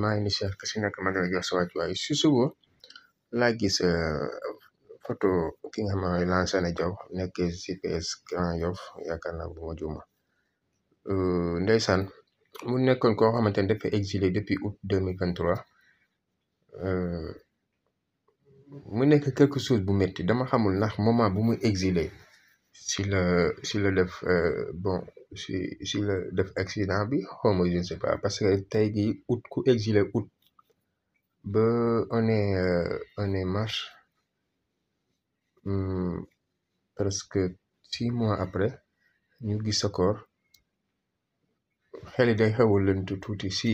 maa ngi ni Cheikh ku si nekk ma ngi lay jox sa wàccuwaay si suba laa gis euh, photo ki nga xam ne Lansana Diaw nekk GPS Grand Yoff yaakaar naa bu ma juuma euh, ndeysaan mu nekkoon koo xamante ne dafa exilé depuis août deux mille vingt euh, mu nekk quelque chose bu métti dama xamul ndax moment bu muy exilé si la si la def euh, bon si si la def accident bi xaw ma je ne sais pas parce que tey jii ut ku exilé août ba on euh, marche hmm, presque six mois après ñu gis sa corps xel yi day xaw a lënt tuuti si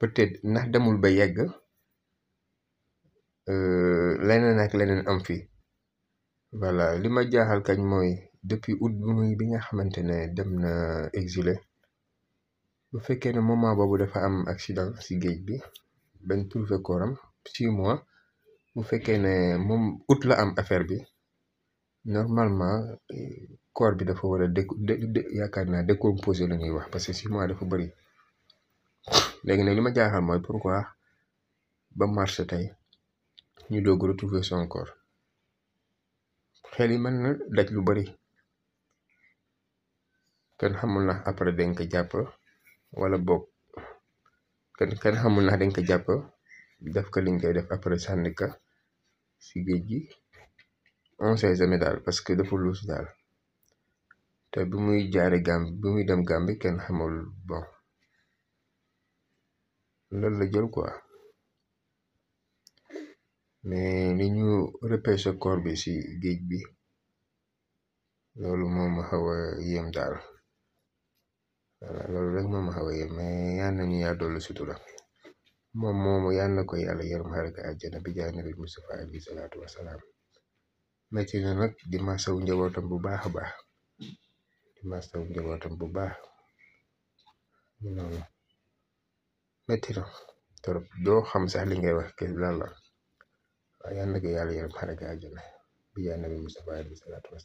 peut-être ndax demul ba yegg euh, leneen ak leneen am fi voilà li ma jaaxal kañ mooy depuis août bi muy bi nga xamante ne dem na exile bu fekkee ne moment boobu dafa am accident si géej bi bañ trouvé kooram si mois bu fekkee ne moom août la am affaire bi normalement eh, corps bi dafa war a déco yaakaar naa décomposé la ñuy wax parce que si mois dafa bëri léegi nag li ma jaaxal mooy pourquoi ba marché tey ñu doog retrouver son corps xel mën na daj lu bari kenn xamul na après dañ ko jàpp wala boog kenn kenn xamul na dañ ko jàpp def ko liñ koy def après sànni si géej gi on sait jamais daal parce que deful luus daal te bi muy jaare Gàmbi bi muy dem Gàmbi kenn xamul bon loolu la jël quoi. mais li ñu repêché corps bi ci géej bi loolu moom ma xaw a yéem daal voilà loolu rek moom ma xaw a yéem mais yal nañu yaa dolli sutura moom moomu yal na ko yàlla yërëm xare ko àjjana bi jaay nabi Mustafa alayhi salaatu wasalaam metti na nag di masawu njabootam bu baax a baax di masawu njabootam bu baax noonu metti na trop doo xam sax li ngay wax ke lan la waaye yal na ko yàlla yërëm xaaral ko àjjana bi yaa nabi Mustafa alayhi